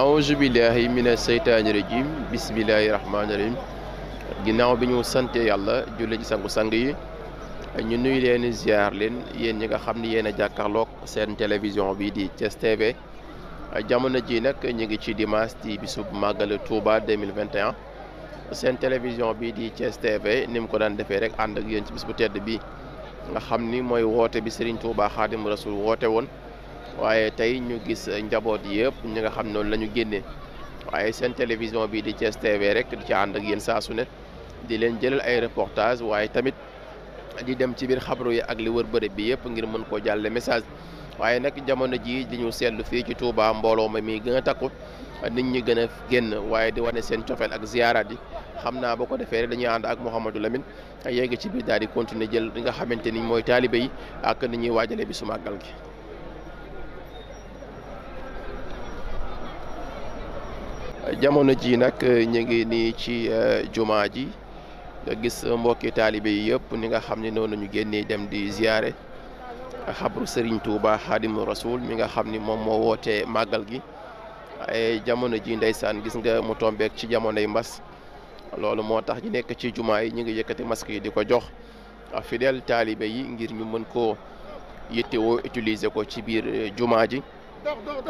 أعوذ بالله من الشيطان الرجيم بسم الله الرحمن الرحيم غيناو بي نيو سانتا يالا جولي سانغ سانغي ني نوي لين زيار لين يين نيغا خامني يينا جاكارلوك سين تيليفزيون بي دي تي اس تي في جامونا جي نك نيغي تي ديماس تي بيسوب ماغال توبا 2021 سين تيليفزيون بي دي تي اس تي في نيم كو دان ديفي ريك اندك يين تي بيسوب تيد بي nga xamni moy wote bi serigne touba khadim rasoul wote won waaye tey ñu gis njaboot yëpp ñi nga xam noonu la ñu génnee waaye seen télévision bi di Thiès TV rek di ci ànd ak yéen saa su ne di leen jëlal ay reportage waaye tamit di dem ci biir xabru yi ak li wër bërëb bi yëpp ngir mën koo jàlle message waaye nag jamono jii di ñu seetlu fii ci Touba mbooloo ma mi gën a takku nit ñi gën a génn waaye di wane seen cofeel ak ziyaaraat yi xam naa boo ko defee rek dañuy ànd ak Mouhamadou Lamine yegg ci biir daal di continuer jël li nga xamante ni mooy taalibe yi ak ni ñuy waajale bi su màggal gi jamono ji nag eh, ñu ngi nii ci eh, jumaa ji nga gis eh, mbokki taalibe yi yëpp ni nga xam ne noonu ñu génnee dem di ziyaare xabru Serigne Touba Xaadimu Rasul mi nga xam ni moom moo wootee màggal gi ay jamono ji ndeysaan gis nga mu tombeek ci jamonoy mbas loolu moo tax ñu nekk ci jumaa yi ñu ngi yëkkati masque yi di ko jox fidèle taalibe yi ngir ñu mën koo yittewoo utiliser ko ci biir jumaa ji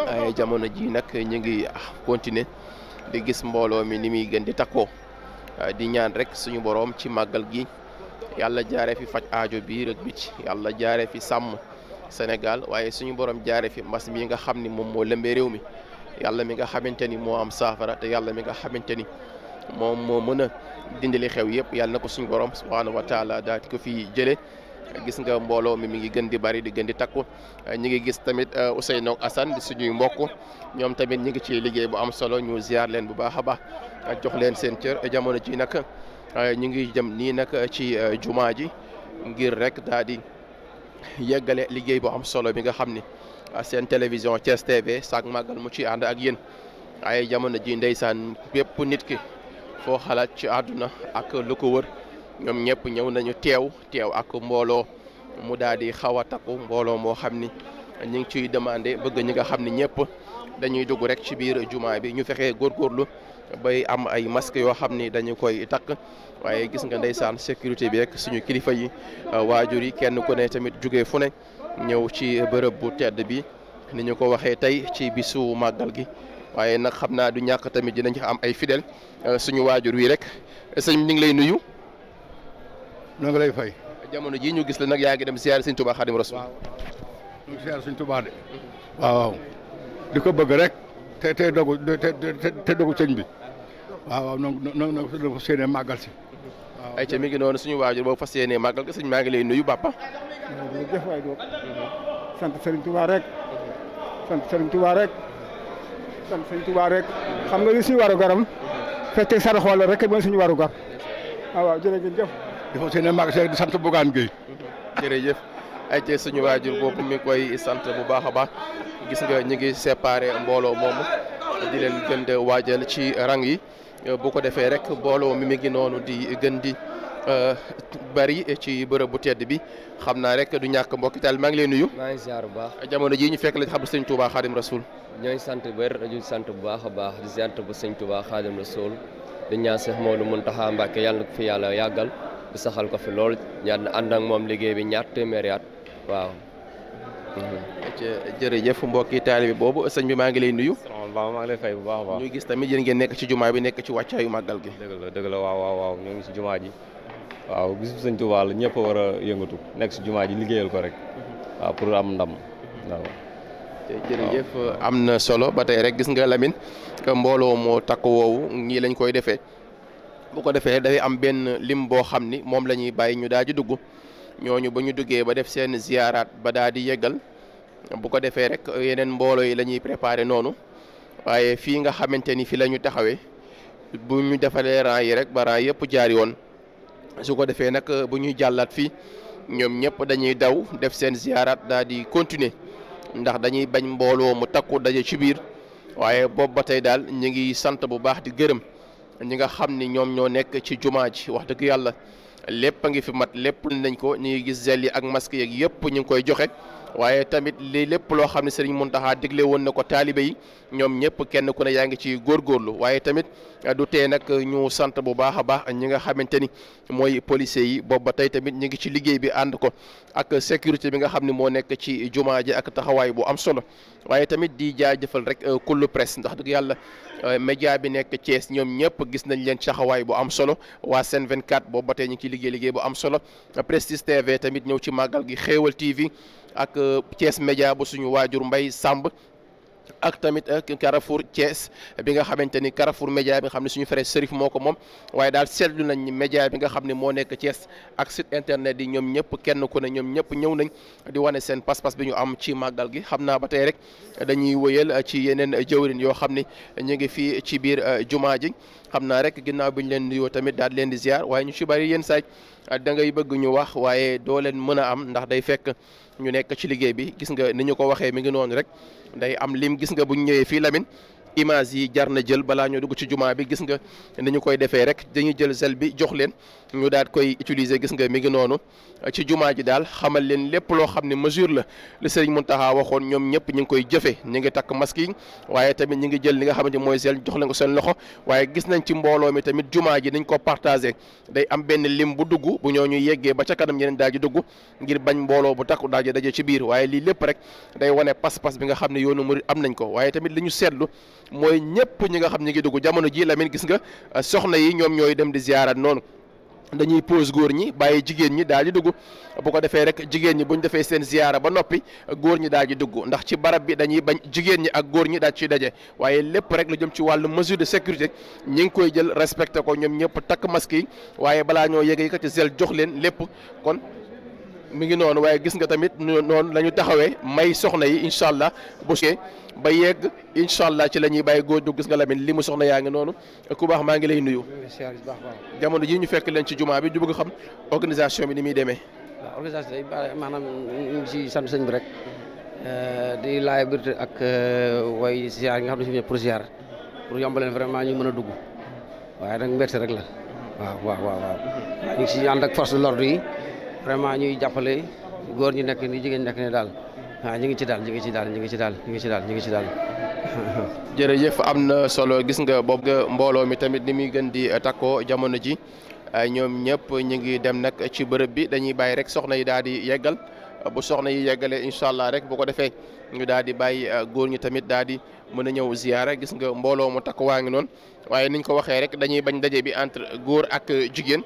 ay jamono ji nag ñu ngi continuer di gis mbooloo mi ni muy gën di takkoo ah, di ñaan rek suñu boroom ci màggal gi yàlla jaare fi faj aajo biir ak bitti yàlla jaare fi sàmm senegal waaye suñu boroom jaare fi mbas mi nga xam ni moom moo lembee réew mi yàlla mi nga xamante ni moo am saafara te yàlla mi nga xamante ni moom moo mën a dindali xew yëpp yàlla na ko suñu boroom subhaanahu wa daal di ko fi jëlee. gis nga mbooloo mi mi ngi gën di bari di gën di takku ñi ngi gis tamit euh, Ousseynou ak Assane di suñuy mbokk ñoom tamit ñi ngi ci liggéey bu am solo ñu ziar leen bu baax a baax jox leen seen cër e, jamono ji nag euh, ñu ngi jëm nii nag ci euh, jumaa ji ngir rekk daal di yeggale liggéey bu am solo bi nga xam ni seen télévision Thiès TV saak màggal mu ci ànd ak yéen ay jamono ji ndeysaan bépp nit ki foo xalaat ci àdduna ak lu ko wër ñoom ñëpp ñëw nañu teew teew ak mbooloo mu daal di xaw a takku mbooloo moo xam ni ñu ngi ciy demandé bëgg ñi nga xam ni ñëpp dañuy dugg rek ci biir jumaa bi ñu fexee góorlu bay am ay masques yoo xam ni dañu koy takk waaye gis nga ndeysaan sécurité bi rek suñu kilifa yi euh, waajur yi kenn ku ne tamit jugee fu ne ñëw ci bërëb bu tedd bi ni ñu ko waxee tey ci bisu màggal gi waaye nag xam naa du ñàkk tamit dinañ am ay fidel euh, suñu waajur wi rek sëñ ñu ngi lay nuyu. noo lay fay. jamono jii ñu gis la nag yaa ngi dem siyaar Sëñ Tuubaa Xaadim Rasuul. waaw ñu siyaar de. waaw di ko bëgg rek te te dogu te te te dogu sëñ bi waaw waaw noonu suñu waajur boobu fas yéenee màggal ko sëñ maa ngi lay nuyu bàppa. jërëjëf waay doog sant Sëriñ Tuubaa rek. sant Sëriñ Tuubaa rek. xam nga li suñu waru garam. fekkee saraxool rek mooy suñu waru dafa seen magasin di sant Bougane Gueye. jërëjëf ayca suñu waajur boobu mi koy sant bu baax a baax gis nga ñu ngi séparé mbooloo moomu di leen gën di waajal ci rang yi bu ko defee rek mbooloo mi mi ngi noonu di gën di euh, bari ci bërëb bu tedd bi xam naa rek du ñàkk mbokk taal maa ngi lay nuyu. maa ngi ziar bu jamono jii ñu fekk la xam sëñ Touba Xaadim Rasoul. ñooy sant wér ñu sant bu a baax di sant bu sëñ Touba Xaadim Rasoul di ñaan Cheikh Maodo Mountakha Mbacké yàlla na ko fi yàlla yàggal. saxal ko fi lool ñaan ànd ak moom liggéey bi ñaar téeméeri at waaw. jërëjëf mbokki taalibi boobu sëñ bi maa ngi lay nuyu. waaw maa ngi lay fay bu baax a baax. ñu gis tamit yéen ngeen nekk ci jumaa bi nekk ci wàccaayu màggal gi. dëgg la dëgg waaw waaw waaw ñoo ngi si jumaa ji waaw gis bu sëñ Tuubaa la ñëpp war a yëngatu nekk si jumaa ji liggéeyal ko rek waaw pour am ndam waaw. jërëjëf am na solo ba tey rek gis nga Lamine que mbooloo moo takk woowu ñii lañ koy defee. bu ko defee dafay am benn lim boo xam ni moom la ñuy bàyyi ñu daal di dugg ñooñu ba ñu duggee ba def seen ziyaaraat ba daal di yeggal bu ko defee rek yeneen mbooloo yi la ñuy préparé noonu waaye fii nga xamante ni fi la ñu taxawee bu ñu defalee rang yi rek ba rang yëpp jaar yoon su ko defee nag bu ñuy jàllaat fi ñoom ñëpp dañuy daw def seen ziyaaraat daal di continuer ndax dañuy bañ mbooloo mu takku daje ci biir waaye boobu ba tey daal ñu ngi sant bu baax di gërëm. ñi nga xam ni ñoom ñoo nekk ci jumaa ji wax dëgg yàlla lépp a ngi fi mat lépp lu nañ ko ñu ngi gis gel yi ak masque yeeg yëpp ñu ngi koy joxe waaye tamit li lépp loo xam ne sëriñ Muntaxa digle woon na ko taalibe yi ñoom ñëpp kenn ku ne yaa ngi ci góorgóorlu waaye tamit ah, du tee nag ñu sant bu baax a baax ñi nga xamante ni mooy policiers yi boobu ba tey tamit ñu ngi ci liggéey bi ànd ko ak sécurité bi nga xam ne moo nekk ci jumaa ji ak taxawaay bu am solo waaye tamit di jaajëfal rek euh, kullu presse ndax dëgg yàlla euh, média bi nekk Thiès ñoom ñëpp gis nañ leen taxawaay bu am solo waa Sen 24 boobu ba tey ñu ngi ciy liggéey liggéey bu am solo Prestige TV tamit ñëw ci màggal gi xéewal TV ak euh, Thiès Média ba suñu waajur mbay Samb ak tamit Carrefour cees bi nga xamante ni Carrefour média bi nga xam ne suñu frère Serif moo ko moom daal seetlu nañ ni média bi nga xam ne moo nekk Thiès ak site internet yi ñoom ñëpp kenn ku ne ñoom ñëpp ñëw nañ di wane seen pas-pas bi ñu am ci màggal gi xam naa ba tey rek dañuy wëyal ci yeneen jëwrin yoo xam ne ñu ngi fii ci biir euh, jumaa ji xam naa rek ginnaaw bi ñu leen nuyoo tamit daal leen di ziar waaye ñu ci bari yenn saaj euh, da ngay bëgg ñu wax waaye doo leen mën a am ndax day fekk ñu nekk ci liggéey bi gis nga ni ñu ko waxee mi ngi noonu rek day am lim gis nga bu ñu ñëwee fii Lamine image yi jar na jël balaa ñoo dugg ci jumaa bi gis nga ni ñu koy defee rek dañuy jël gel bi jox leen ñu daal koy utiliser gis nga mi noonu ci ji daal xamal leen lépp loo xam ne mesure la li Serigne Mountakha ñoom ñëpp ñu ngi koy jëfe ñu ngi takk masque waaye tamit ñu ngi jël li nga xamante mooy gel jox leen ko seen loxo waaye gis nañ ci mbooloo mi tamit jumaa ji nañ ko partagé day am benn lim bu dugg bu ñoo ñu yeggee ba ca kanam ñeneen daal di dugg ngir bañ mbooloo bu takku daal di ci biir waaye lii rek day wane pas-pas bi nga xam ne yoonu murid am nañ ko waaye tamit li ñu seetlu mooy ñëpp ñi nga xam ñi ngi dugg jamono ji Lamine gis nga euh, soxna yi ñoom ñooy dem di ziyaaraat noonu dañuy pose góor ñi bàyyi jigéen ñi daal di dugg bu ko defee rek jigéen ñi bu ñu defee seen ziyaara ba noppi góor ñi daal di dugg ndax ci barab bi dañuy bañ jigéen ñi ak góor ñi daal ciy daje waaye lépp rek lu jëm ci wàllu mesure de sécurité ñi ngi koy jël respecté ko ñoom ñëpp takk masque yi waaye balaa ñoo yegg yëkkati zel jox leen lépp kon mi ngi noonu waaye gis nga tamit noonu la ñu taxawee may soxna yi incha allah bousee ba yegg incha ci la ñuy bàyyi góor dugg gis nga Lamine li mu soxna yaa ngi noonu ku baax maa ngi lay nuyu. jamono jii ñu fekk leen ci jumaa bi ñu bëgg xam organisation bi ni muy demee. waaw organisation bi maanaam si sant sëñ bi rek euh, di laaj biir ak euh, way ziar nga xam ne si biir pour ziar pour yombaleen vraiment ñu mën a dugg waaye nag mbégte rek la waaw waaw waaw waaw ñu ngi si ànd ak vraiment ñuy jàppale góor ñi nekk ni jigéen ñi nekk daal waaw ñu ngi ci daal ñu ngi ci daal ñu ngi ci daal ngi ci daal ñu ngi ci daal. jërëjëf am na solo gis nga boobu mbooloo mi tamit ni muy gën di takkoo jamono ji ñoom ñëpp ñu ngi dem nag ci bërëb bi dañuy bàyyi rek soxna yi daal di yeggal bu soxna yi yeggalee incha allah rek bu ko defee ñu daal di bàyyi euh, góor ñi tamit daal di mën a ñëw ziyaara gis nga mbooloo mu waa ngi noonu waaye niñ ko waxee rek dañuy bañ daje bi entre góor ak jigéen.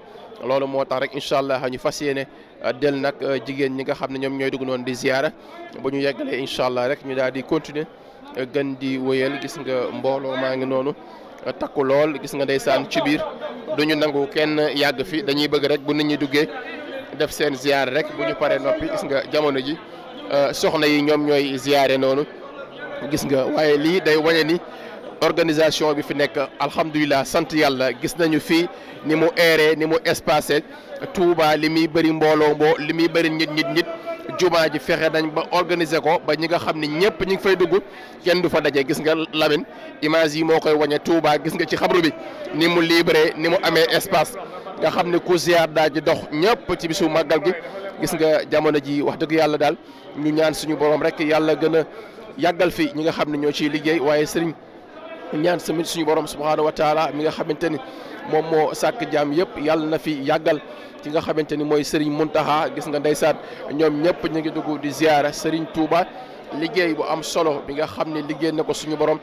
loolu moo tax rek incha allah ñu fas yéene euh, del nag euh, jigéen ñi nga xam ne ñoom ñooy dugg noonu di ziyaara bu ñu yeggalee incha allah rek ñu daal di continuer euh, gën di wëyal gis nga mbooloo maa ngi noonu takku lool gis nga ndeysaan ci biir du ñu nangu kenn yàgg fi dañuy bëgg rek bu nit ñi duggee def seen ziyaara rek bu ñu paree noppi gis nga jamono ji soxna yi ñoom ñooy ziyaare noonu gis nga waaye lii day wane ni. organisation bi fi nekk alhamdulilah sant yàlla gis nañu fii ni mu aéré ni mu espacé Touba li muy bëri mbooloo mboo li muy bëri nit nit nit jumaa ji fexe nañ ba organiser ko ba ñi nga xam ne ñëpp ñi ngi fay dugg kenn du fa daje gis nga Lamine image yi moo koy wañe Touba gis nga ci xabru bi ni mu libre ni mu amee espace nga xam ne ku ziar daa ji dox ñëpp ci bisu màggal gi gis nga jamono ji wax dëgg yàlla daal ñu ñaan suñu borom rek yàlla gën a yàggal fi ñi nga xam ne ñoo ciy liggéey waaye sëriñ ñaan samit suñu borom subhaanahu wa taala mi nga xamante ni moom moo sàkk jaam yëpp yàlla na fi yàggal ci nga xamante ni mooy Serigne Mountakha gis nga ndeysaan ñoom ñëpp ñu ngi dugg di ziyaara Serigne Touba liggéey bu am solo bi nga xam ne liggéey na ko suñu borom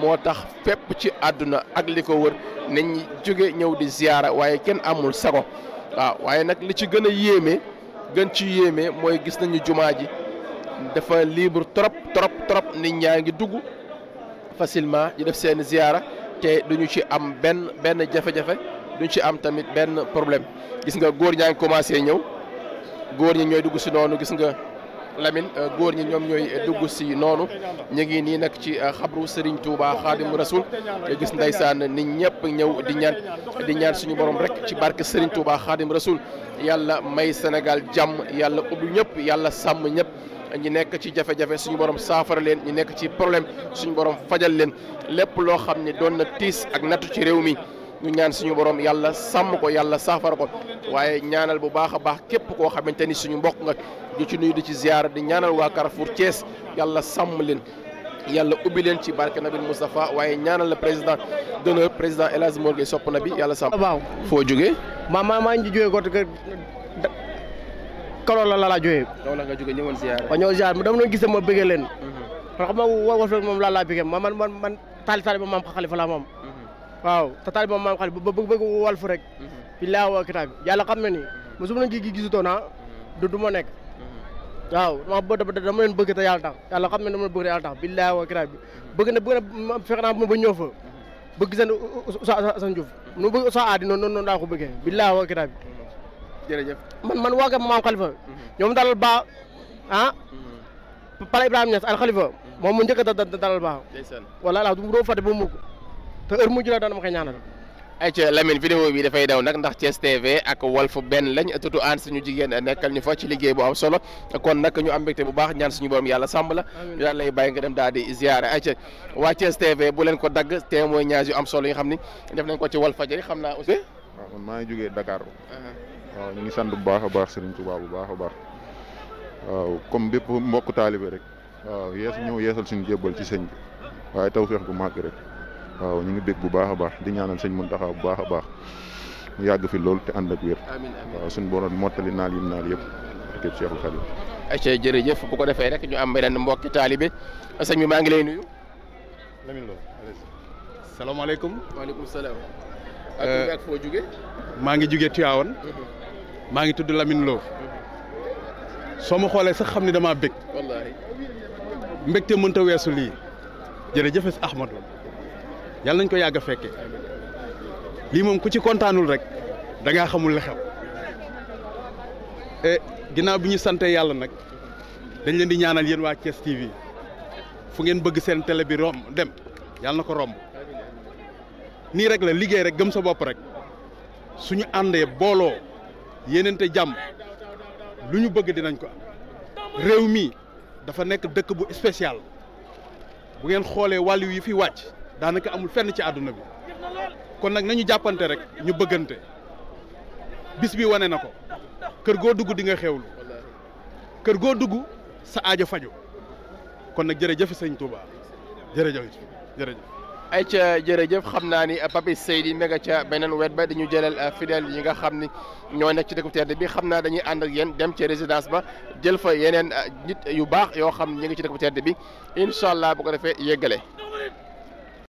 moo tax fépp ci àdduna ak li ko wër nañ jóge ñëw di ziyaara waaye kenn amul sago waaw waaye nag li ci gën a yéeme gën ci yéeme mooy gis nañu jumaa ji dafa libre trop trop trop nit ñaa ngi dugg. facilement ñu def seen ziyaara te du ñu ci am benn benn jafe-jafe duñ ci am tamit benn problème gis nga góor ñaa ngi commencé ñëw góor ñi ñooy dugg si noonu gis nga Lamine euh, góor ñi ñoom ñooy dugg si noonu ñu ngi nii nag ci euh, xabru Serigne Touba Xaadimu Rasul gis ndeysaan nit ñëpp ñëw di ñaan di ñaan suñu borom rek ci barke Serigne Touba Xaadimu Rasul yàlla may Sénégal jàmm yàlla ubbi ñëpp yàlla sàmm ñëpp. ñi nekk ci jafe-jafe suñu borom saafara leen ñi nekk ci problème suñu borom fajal leen lépp loo xam ne doon na tiis ak natt ci réew mi ñu ñaan suñu borom yàlla sàmm ko yàlla saafara ko waaye ñaanal bu baax a baax képp koo xamante ni suñu mbokk nga di ci nuyu di ci ziar di ñaanal waa Carrefour Thiès yàlla sàmm leen. yàlla ubbi leen ci barke Nabil Moustapha waaye ñaanal la président d'honneur président El Hadj Mor Gueye sopp na bi yàlla sàmm. waaw foo jógee. maa maa maa ngi jógee Kaolack la laa jógee. Kaolack nga jógee ñëwoon ziar. waaw ñëwoon ziar dama doon gis ma bëggee leen. parce ma woo woo moom laa laa bëggee ma taali taali ba maam xalifa laa moom. Mhm. waaw te taali ba maam xalifa ba bëgg Walf rek. Mhm. billaa wa kitaab yàlla xam na ni. Mhm. mosuma leen gi gisutoon ah. ma nekk. waaw ma boo dama leen bëgg te yàlla tax yàlla xam ne dama leen bëgg te yàlla tax billaa wa kitaab bi ba ñëw fa. bëgg seen Oustaz nu bëgg Oustaz Adi laa ko bëggee billaa wa kitaab jërëjëf man man waa gëm maam Khalifa. Mhm. ñoom dalal ba ah. Mhm. Pala Ibrahima Niass al mhm. moom mu njëkk a da dalal ba. ndeysaan wala du doo fàtte ba mukk mu heure mujj la daan ma koy ñaanal. ayca Lamine vidéo dafay daw nag ndax Thiès TV ak Walf benn lañ tutu aan suñu jigéen nekkal ñu fa ci liggéey bu am solo kon nag ñu am mbégte bu baax ñaan suñu borom yàlla sàmm la ñu daal lay bàyyi nga dem daal di ziare ayca waa Thiès TV bu leen ko dagg témoignage yu am solo yi nga xam ni def nañ ko ci Walfadjri xam naa aussi. waaw ah, man maa jógee Dakar. Uh-huh. waaw ñu ngi sant bu baax a baax Serigne Touba bu baax a baax waaw comme bépp mbokk taalibe rek waaw yees ñëw yeesal suñu jébbal ci sëñ bi waaye tawfeex bu màgg rek ñu ngi bég bu baax a baax di ñaanal sëñ Mountakha bu baax a baax mu yàgg fi loolu te ànd ak wér waaw suñu borom mottali naal yim naal yëpp a Cheikhul Khadim acca jërëjëf ko defee rek ñu am beneen mbokki taalibe sëñ bi maa ngi lay nuyu Lamine Lo salaamaaleykum waaleykum salaam euh, ak foo jóge maa ngi jugee Tivaouane maa ngi tudd Lamine soo ma xoolee sax xam ne damaa bég mbégte mënta weesu lii jërëjëf si Ahmadou yàlla nañ ko yàgg a fekke lii moom ku ci kontaanul rek da xamul li e ginnaaw bi ñu sante yàlla nag dañ leen di ñaanal yéen waa Thiès TV fu ngeen bëgg seen télé bi romb dem yàlla na ko romb nii rek la liggéey rek gëm sa bopp rek suñu àndee booloo yéenente jàmm lu ñu bëgg dinañ ko am réew mi dafa nekk dëkk bu spécial bu ngeen xoolee wàllu yi fi wàcc daanaka amul fenn ci àdduna bi kon nag nañu jàppante rek ñu bëggante bis bi wane na ko kër goo dugg di nga xewlu kër goo dugg sa aajo faju kon nag jërëjëf sëñ Touba jërëjëf jërëjëf ay ca jërëjëf xam naa ni Papis Seydi mega ca beneen wet ba dañu jëlal euh, fidèle yi nga xam ni ñoo nekk ci dëkku tedd bi xam naa dañuy ànd ak yéen dem ci résidence ba jël fa yeneen euh, nit yu baax yoo xam ñi ngi ci dëkku tedd bi incha allah bu ko defee yeggale